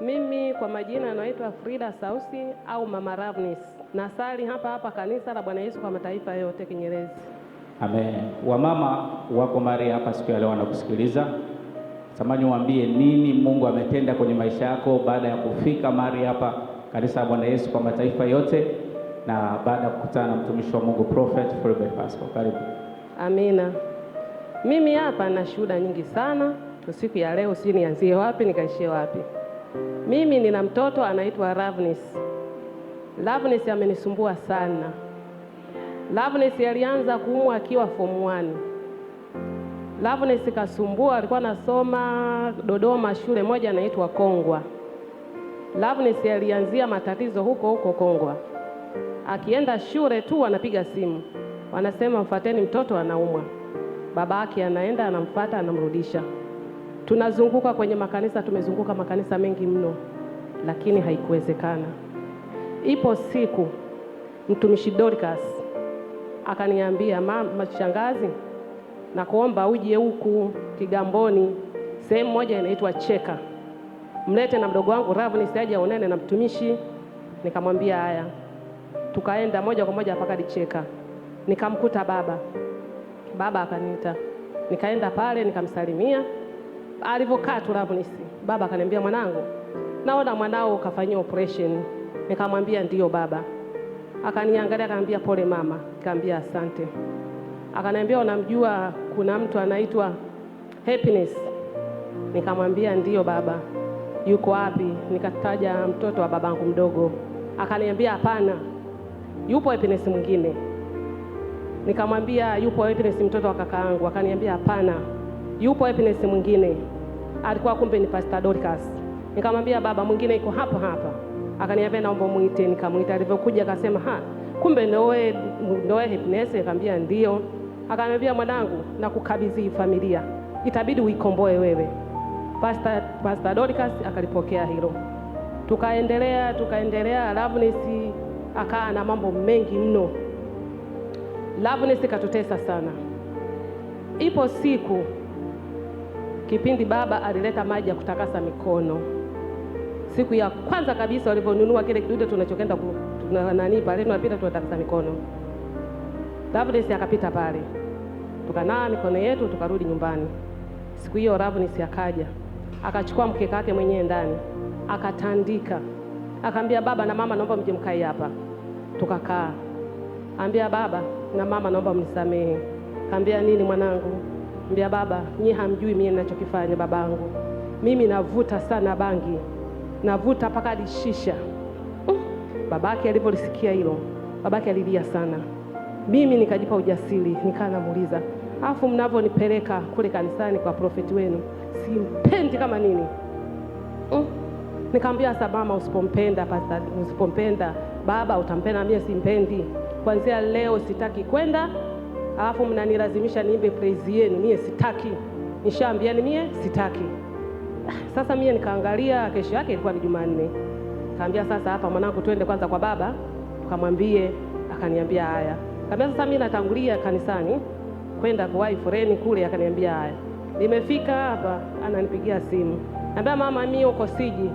Mimi kwa majina naitwa Frida Sausi au Mama Ravnis. Nasali hapa hapa kanisa la Bwana Yesu kwa mataifa yote Kinyerezi. Amen. Wamama wako Maria hapa siku ya leo wanakusikiliza. Samani waambie nini Mungu ametenda kwenye maisha yako baada ya kufika Mari hapa kanisa la Bwana Yesu kwa mataifa yote na baada ya kukutana na mtumishi wa Mungu Prophet Fulbert Pascal. Karibu. Amina. Mimi hapa na shuhuda nyingi sana. Siku ya leo si nianzie wapi nikaishie wapi? Mimi nina mtoto anaitwa Ravnis. Ravnis amenisumbua sana. Ravnis alianza kuumwa akiwa form 1. Ravnis kasumbua, alikuwa anasoma Dodoma shule moja anaitwa Kongwa. Ravnis alianzia matatizo huko huko Kongwa. Akienda shule tu wanapiga simu. Wanasema mfateni mtoto anaumwa. yake anaenda anamfata anamrudisha. Tunazunguka kwenye makanisa, tumezunguka makanisa mengi mno, lakini haikuwezekana. Ipo siku mtumishi Dorcas akaniambia, mama shangazi, nakuomba uje huku Kigamboni, sehemu moja inaitwa Cheka, mlete na mdogo wangu Ravu nisiaje aonane na mtumishi. Nikamwambia haya, tukaenda moja kwa moja mpaka Cheka, nikamkuta baba. Baba akaniita, nikaenda pale nikamsalimia alivyokaa tu Ravnisi, baba akaniambia, mwanangu, naona mwanao ukafanyia operation. Nikamwambia ndiyo baba. Akaniangalia akaniambia, pole mama. Nikamwambia asante. Akaniambia, unamjua kuna mtu anaitwa Happiness? Nikamwambia ndiyo baba. Yuko wapi? Nikataja mtoto wa babangu mdogo. Akaniambia hapana, yupo Happiness mwingine. Nikamwambia yupo Happiness mtoto wa kakaangu. Akaniambia hapana yupo Happiness mwingine alikuwa kumbe ni Pastor Dorcas. Nikamwambia baba mwingine iko hapa hapa, akaniambia naomba muite. Nikamwita, alivyokuja akasema ha, kumbe ndio wewe ndio wewe Happiness? Nikamwambia ndio. Akaniambia mwanangu, kukabidhi familia, itabidi uikomboe wewe. Pastor, Pastor Dorcas akalipokea hilo, tukaendelea tukaendelea. Loveness akaa na mambo mengi mno. Loveness katutesa sana. Ipo siku Kipindi baba alileta maji ya kutakasa mikono, siku ya kwanza kabisa walivyonunua kile kidude tunachokenda tuna nani pale tunapita tunatakasa mikono, Ravnis akapita pale, tukanawa mikono yetu tukarudi nyumbani. Siku hiyo Ravnis akaja akachukua mkeka wake mwenyewe ndani akatandika, akaambia baba na mama, naomba mje mkae hapa. Tukakaa, ambia baba na mama, naomba mnisamehe. Kaambia nini mwanangu? Mbia baba, nyie hamjui mie ninachokifanya babangu. Mimi navuta sana bangi, navuta mpaka lishisha. Mm. Babake alipolisikia hilo, babake alilia sana. Mimi nikajipa ujasiri, nikaa namuuliza, afu mnavyonipeleka kule kanisani kwa profeti wenu simpendi kama nini? Mm. Nikamwambia sasa, mama, usipompenda pasta, usipompenda baba, utampenda mie Simpendi. Kuanzia leo sitaki kwenda alafu mnanilazimisha niimbe praise yenu, mie sitaki, ni mie sitaki. Sasa mie nikaangalia, kesho yake ilikuwa ni Jumanne, kaambia sasa hapa mwanangu, twende kwanza kwa baba tukamwambie. Akaniambia haya. Kaambia sasa mimi natangulia kanisani kwenda kuwahi foreni kule, akaniambia haya. Nimefika hapa, ananipigia simu, naambia mama, mimi uko siji,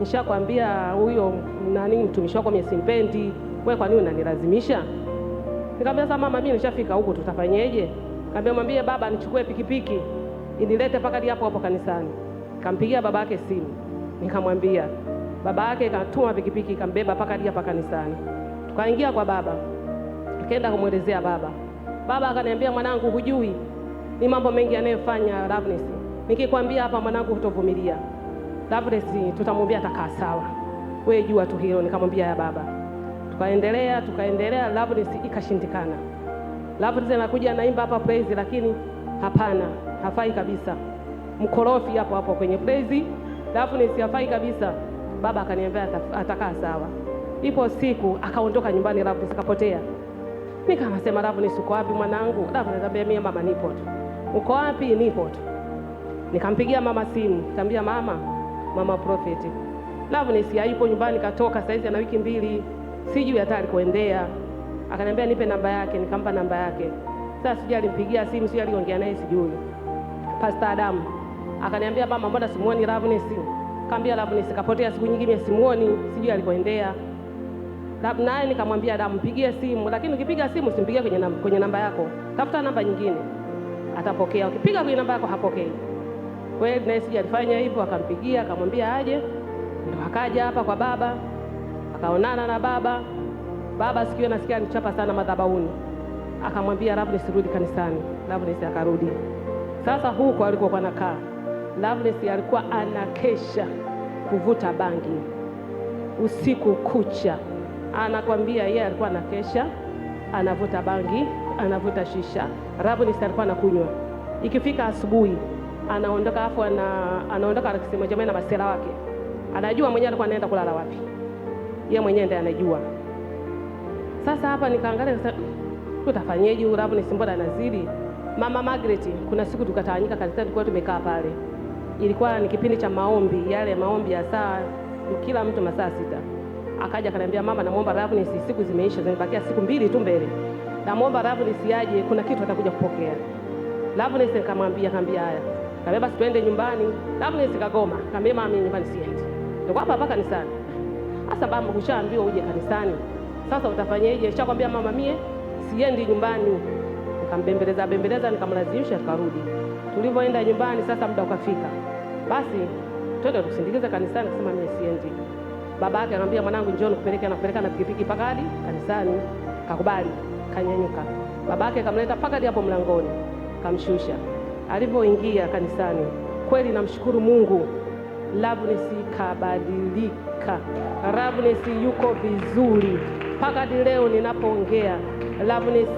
nishakwambia huyo nani mtumishi wako mie simpendi, wewe kwa nini unanilazimisha? Nikamwambia sasa mama, mimi nishafika huko, tutafanyeje? Kaambia mwambie baba nichukue pikipiki inilete mpaka hapo hapo kanisani. Kampigia baba yake simu, nikamwambia baba yake katuma pikipiki ikambeba mpaka hadi hapa kanisani. Tukaingia kwa baba, tukaenda kumwelezea baba. Baba akaniambia mwanangu, hujui ni mambo mengi anayofanya Loveness. Nikikwambia hapa mwanangu, hutovumilia Loveness, tutamwambia atakaa sawa, wewe jua tu hilo. Nikamwambia ya baba tukaendelea tukaendelea, Lovelace ikashindikana. Lovelace anakuja anaimba hapa praise, lakini hapana, hafai kabisa, mkorofi hapo hapo kwenye praise, Lovelace hafai kabisa. Baba akaniambia atakaa sawa. Ipo siku akaondoka nyumbani, Lovelace kapotea. Nikamsema Lovelace, uko wapi mwanangu? Lovelace ananiambia mimi mama, nipo tu. Uko wapi? Nipo tu. Nikampigia mama simu, nikamwambia mama, mama Prophet Lovelace hayupo nyumbani, katoka saizi ana wiki mbili sijui hata alikoendea. Akaniambia nipe namba yake, nikampa namba yake. Sasa sijui alimpigia simu, sijui aliongea naye, sijui. Pastor Adam akaniambia mama, mbona simuoni Ravnes? Kaambia Ravnes kapotea siku nyingi, mimi simuoni, sijui alikoendea. Naye nikamwambia Adam, mpigie simu, lakini ukipiga simu simpigie kwenye namba, kwenye namba yako, tafuta namba nyingine, atapokea. Ukipiga kwenye namba yako hapokei. Kweli naye sijui alifanya hivyo, akampigia akamwambia aje, ndo akaja hapa kwa baba Akaonana na baba. Baba sikio nasikia nichapa sana madhabauni akamwambia Loveness, rudi kanisani. Loveness akarudi. Sasa huko alikuwa anakaa Loveness alikuwa anakesha kuvuta bangi usiku kucha, anakwambia yeye alikuwa anakesha anavuta bangi, anavuta shisha. Loveness alikuwa anakunywa, ikifika asubuhi anaondoka, afu ana, anaondoka akisema na masela wake, anajua mwenyewe alikuwa anaenda kulala wapi yeye mwenyewe ndiye anajua. Sasa hapa nikaangalia mm, tutafanyeje, huyu rabu ni simbora anazidi. Mama Margaret, kuna siku tukatawanyika kanisani, tulikuwa tumekaa pale, ilikuwa ni kipindi cha maombi yale maombi ya saa kila mtu masaa sita. Akaja akaniambia, mama, namwomba ni siku zimeisha, zimebakia siku mbili tu mbele, namwomba ni siaje, kuna kitu atakuja kupokea. Rabu ni nikamwambia, akaambia haya, kabeba, situende nyumbani. Rabu ni sikagoma, kaambia, mama, mimi nyumbani siendi, ndio hapa ni sana sasa mama, hushaambiwa uje kanisani, sasa utafanyeje? Shakwambia mama, mie siendi nyumbani. Nikambembeleza bembeleza, nikamlazimisha, akarudi. Tulivyoenda nyumbani, sasa muda ukafika, basi twende tusindikize kanisani. Akasema mie siendi. Baba yake anamwambia mwanangu, njoo nikupeleke. Anapeleka na pikipiki mpaka hadi kanisani, kakubali, kanyanyuka. Baba yake kamleta mpaka hadi hapo mlangoni, kamshusha. Alipoingia kanisani, kweli namshukuru Mungu, Lavunisi nisikabadilika. Loveness yuko vizuri mpaka leo ninapoongea, Loveness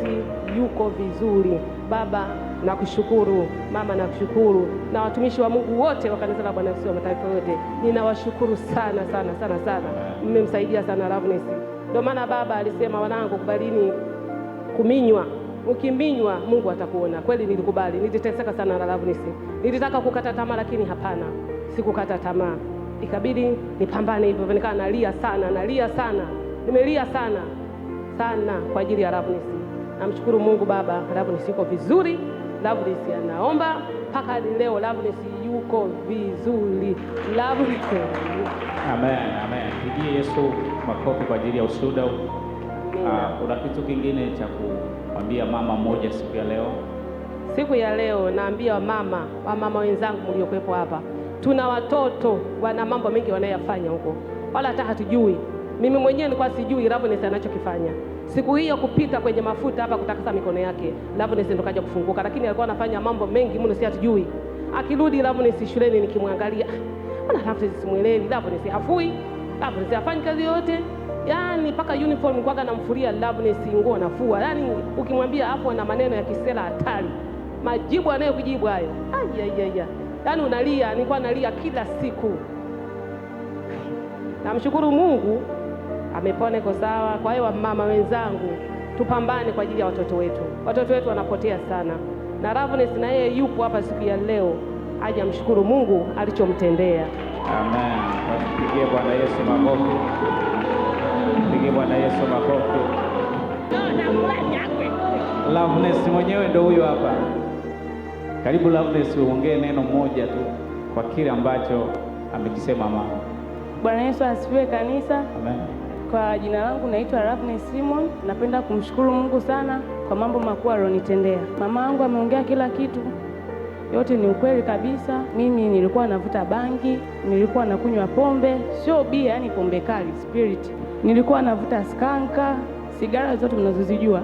yuko vizuri. Baba nakushukuru, mama nakushukuru, na watumishi wa Mungu wote wa kanisa la Bwana Yesu wa mataifa yote, ninawashukuru sana sana sana sana, mmemsaidia sana Loveness. Ndio maana baba alisema, wanangu, kubalini kuminywa ukiminywa Mungu atakuona. Kweli nilikubali, niliteseka sana na Loveness, nilitaka kukata tamaa, lakini hapana, sikukata tamaa ikabidi nipambane hivyo, nikawa nalia sana, nalia sana, nimelia sana sana kwa ajili ya Ravnis. Namshukuru Mungu Baba, Ravnis yuko vizuri, Ravnis anaomba mpaka leo, Ravnis yuko vizuri. Ravnis, amen, amen. Pigie Yesu makofi kwa ajili ya ushuhuda. Ah, kuna kitu kingine cha kumwambia mama mmoja siku ya leo? Siku ya leo naambia mama, wamama wenzangu mliokuwepo hapa Tuna watoto wana mambo mengi wanayofanya huko, wala hata hatujui. Mimi mwenyewe nilikuwa sijui Loveness anachokifanya. Siku hiyo kupita kwenye mafuta hapa kutakasa mikono yake, Loveness ndo kaja kufunguka, lakini alikuwa anafanya mambo mengi mno, si hatujui. Akirudi Loveness shuleni, nikimwangalia ah, mbona Loveness simwelewi, Loveness hafui, Loveness hafanyi kazi yoyote yaani mpaka uniform kwaga namfuria Loveness nguo nafua. Yaani ukimwambia hapo na maneno ya kisela hatari, majibu anayokujibu hayo, aya ai, ai yaani unalia, nilikuwa nalia kila siku. Namshukuru Mungu amepona, iko sawa. Kwa hiyo wamama wenzangu, tupambane kwa ajili ya watoto wetu. Watoto wetu wanapotea sana, na Ravnes na yeye yupo hapa siku ya leo aje amshukuru Mungu alichomtendea. Amen, tupigie Bwana Yesu makofi, tupigie Bwana Yesu makofi. Ravnes mwenyewe ndio huyo hapa. Karibu Loveness, uongee neno moja tu kwa kile ambacho amekisema mama. Bwana Yesu asifiwe kanisa. Amen. Kwa jina langu naitwa Ravne Simon. Napenda kumshukuru Mungu sana kwa mambo makuu alionitendea. Mama yangu ameongea kila kitu, yote ni ukweli kabisa. Mimi nilikuwa navuta bangi, nilikuwa nakunywa pombe, sio bia, yani pombe kali spirit, nilikuwa navuta skanka, sigara zote mnazozijua,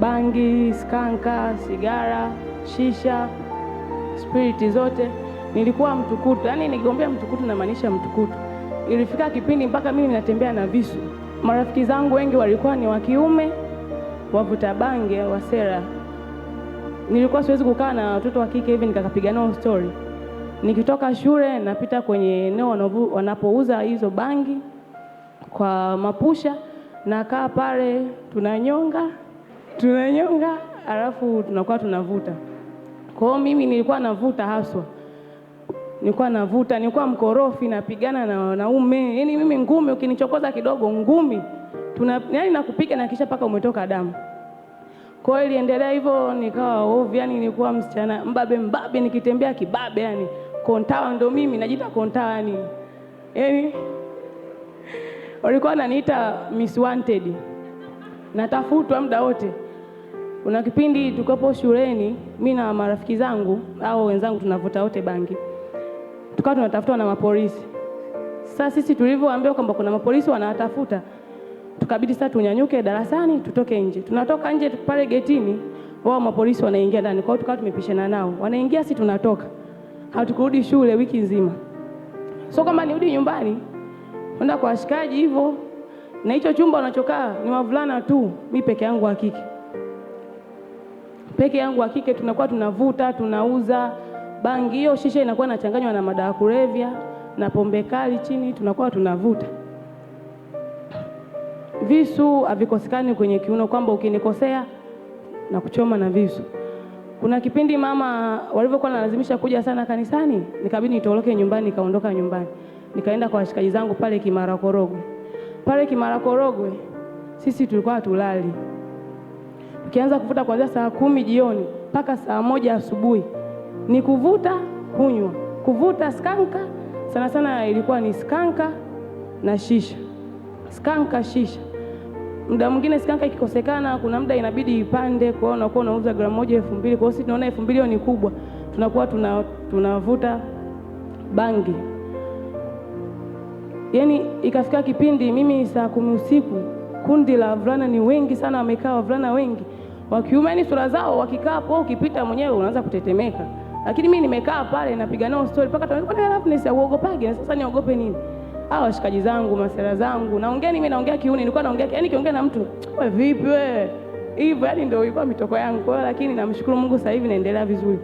bangi, skanka, sigara shisha, spiriti zote. Nilikuwa mtukutu, yaani nikigombea mtukutu namaanisha mtukutu. Ilifika kipindi mpaka mimi ninatembea na visu. Marafiki zangu wengi walikuwa ni wa kiume, wavuta bange, wasera. Nilikuwa siwezi kukaa na watoto wa kike hivi nikakapiga nao story. Nikitoka shule napita kwenye eneo wanapouza hizo bangi kwa mapusha, nakaa pale, tunanyonga tunanyonga, alafu tunakuwa tunavuta. Kwa hiyo mimi nilikuwa navuta haswa, nilikuwa navuta, nilikuwa mkorofi, napigana na wanaume. Yaani mimi ngumi, ukinichokoza kidogo ngumi tuna yaani nakupiga na kisha paka umetoka damu. Kwa hiyo iliendelea hivyo, nikawa ovu, yani nilikuwa msichana mbabe mbabe, nikitembea kibabe, yani kontawa ndo mimi najiita kontawa, yani yaani walikuwa wananiita Miss Wanted, natafutwa muda wote. Kuna kipindi tukapo shuleni, mi na marafiki zangu au wenzangu tunavuta wote bangi, tukawa tunatafutwa na mapolisi. Sasa sisi tulivyoambiwa kwamba kuna mapolisi wanatafuta, tukabidi sasa tunyanyuke darasani tutoke nje. Tunatoka nje pale getini, wao mapolisi wanaingia ndani. Kwa hiyo tukawa tumepishana nao, wanaingia sisi tunatoka, hatukurudi shule wiki nzima. So kama nirudi nyumbani kwenda kwa washikaji hivyo, na hicho chumba wanachokaa ni wavulana tu, mi peke yangu wa kike peke yangu wa kike tunakuwa tunavuta, tunauza bangi hiyo, shisha inakuwa inachanganywa na madawa kulevya na pombe kali chini, tunakuwa tunavuta. Visu havikosekani kwenye kiuno, kwamba ukinikosea na kuchoma na visu. Kuna kipindi mama walivyokuwa nalazimisha kuja sana kanisani, nikabidi nitoroke nyumbani, nikaondoka nyumbani, nikaenda kwa washikaji zangu pale Kimara Korogwe. Pale Kimara Korogwe sisi tulikuwa tulali ukianza kuvuta kuanzia saa kumi jioni mpaka saa moja asubuhi ni kuvuta kunywa, kuvuta skanka. Sana sana ilikuwa ni skanka na shisha, skanka shisha. Muda mwingine skanka ikikosekana, kuna muda inabidi ipande, kwa hiyo unakuwa unauza gramu moja elfu mbili. Kwa hiyo sisi tunaona elfu mbili hiyo ni kubwa, tunakuwa tuna tunavuta bangi. Yaani ikafika kipindi mimi saa kumi usiku kundi la vulana ni wengi sana, wamekaa wavulana wengi wa kiume, ni sura zao wakikaa hapo, ukipita mwenyewe unaanza kutetemeka. Lakini mimi nimekaa pale napiga nao story mpaka uogopage, na sasa niogope nini? Hawa washikaji zangu, masera zangu, naongea mimi, naongea kiuni, nilikuwa naongea yani, kiongea na mtu wewe, vipi wewe hivyo, yani ndio ilikuwa mitoko yangu kwa, lakini namshukuru Mungu sasa hivi naendelea vizuri.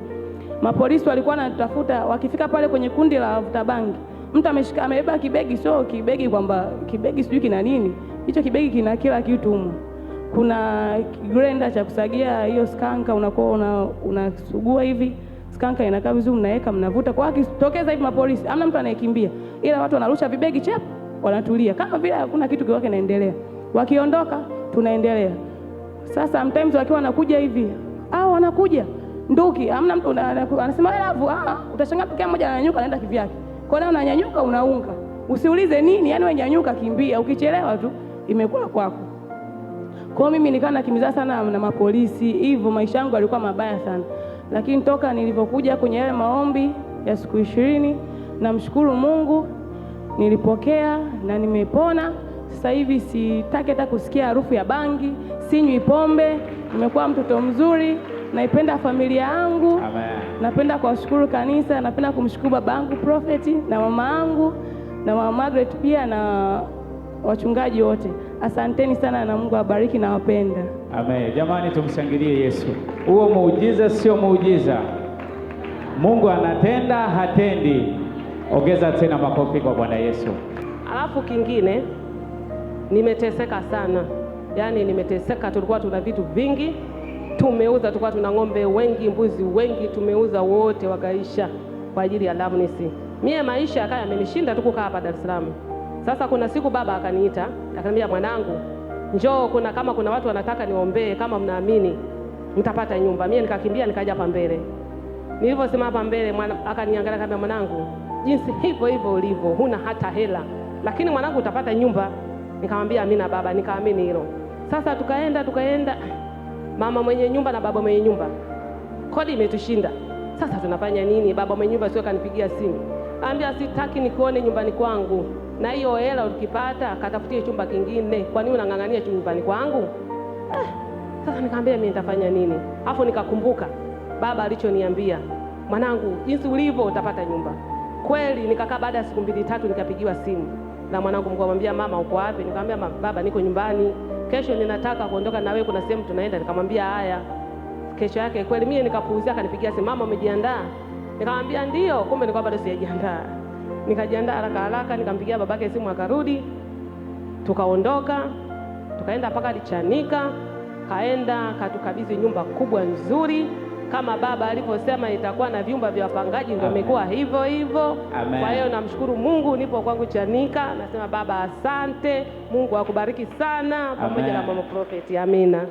Mapolisi walikuwa wanatafuta, wakifika pale kwenye kundi la wavuta bangi, mtu ameshika amebeba kibegi, sio kibegi kwamba kibegi sijui kina nini, hicho kibegi kina kila kitu humo kuna grinder cha kusagia hiyo skanka, unakuwa una hivi skanka inakaa vizuri, mnaweka mnavuta. Kwa akitokeza hivi mapolisi, amna mtu anayekimbia, ila watu wanarusha vibegi chap, wanatulia kama vile hakuna kitu kiwake naendelea. Wakiondoka tunaendelea sasa. Sometimes wakiwa wanakuja hivi au ah, wanakuja nduki, amna mtu anasema lavu. Ah, utashangaa pekee mmoja ananyuka, anaenda kivyake, kwa nini unanyanyuka unaunga, usiulize nini, yani wewe nyanyuka, kimbia, ukichelewa tu imekula kwako. Kwa mimi nikawa nakimbizana sana na mapolisi, hivyo maisha yangu yalikuwa mabaya sana, lakini toka nilivyokuja kwenye yale maombi ya siku ishirini, namshukuru Mungu nilipokea na nimepona. Sasa hivi sitaki hata kusikia harufu ya bangi, sinywi pombe, nimekuwa mtoto mzuri, naipenda familia yangu Amen. Napenda kuwashukuru kanisa, napenda kumshukuru baba yangu Prophet na mama yangu na mama Margaret pia na wachungaji wote, asanteni sana na Mungu awabariki na wapenda. Amen. Jamani, tumshangilie Yesu. Huo muujiza sio muujiza, Mungu anatenda, hatendi. Ongeza tena makofi kwa Bwana Yesu. Alafu kingine, nimeteseka sana, yaani nimeteseka. Tulikuwa tuna vitu vingi tumeuza, tulikuwa tuna ng'ombe wengi, mbuzi wengi, tumeuza wote, wakaisha kwa ajili ya Lamnisi. Mie maisha yakaya amenishinda tu kukaa hapa Dar es Salaam. Sasa kuna siku baba akaniita akaniambia, mwanangu, njoo, kuna kama kuna watu wanataka niombee, kama mnaamini mtapata nyumba. Mimi nikakimbia nikaja hapa mbele. Nilivyosema hapa mbele, akaniangalia akaniambia, mwanangu, jinsi hivyo hivyo ulivyo, huna hata hela, lakini mwanangu, utapata nyumba. Nikamwambia amina baba, nikaamini hilo. Sasa tukaenda tukaenda, mama mwenye nyumba na baba mwenye nyumba, kodi imetushinda. Sasa tunafanya nini? Baba mwenye nyumba sio, kanipigia simu, anambia sitaki nikuone nyumbani kwangu na hiyo hela ukipata katafutie chumba kingine, kwa nini unang'ang'ania chumbani kwangu? Eh, sasa nikamwambia mimi nitafanya nini? Afu nikakumbuka baba alichoniambia, mwanangu, jinsi ulivyo utapata nyumba. Kweli nikakaa, baada ya siku mbili tatu nikapigiwa simu na mwanangu mkuu, amwambia mama, uko wapi? Nikamwambia baba, niko nyumbani, kesho ninataka kuondoka na wewe, kuna sehemu tunaenda. Nikamwambia haya. Kesho yake kweli mimi nikapuuzia, akanipigia simu, mama, umejiandaa? Nikamwambia ndio, kumbe nilikuwa bado sijajiandaa. Nikajiandaa haraka haraka, nikampigia babake simu akarudi, tukaondoka tukaenda mpaka Lichanika, kaenda katukabidhi nyumba kubwa nzuri kama baba alivyosema itakuwa na vyumba vya wapangaji, ndio imekuwa hivyo hivyo. Kwa hiyo namshukuru Mungu, nipo kwangu Chanika, nasema baba asante, Mungu akubariki sana, pamoja na mama Prophet. Amina.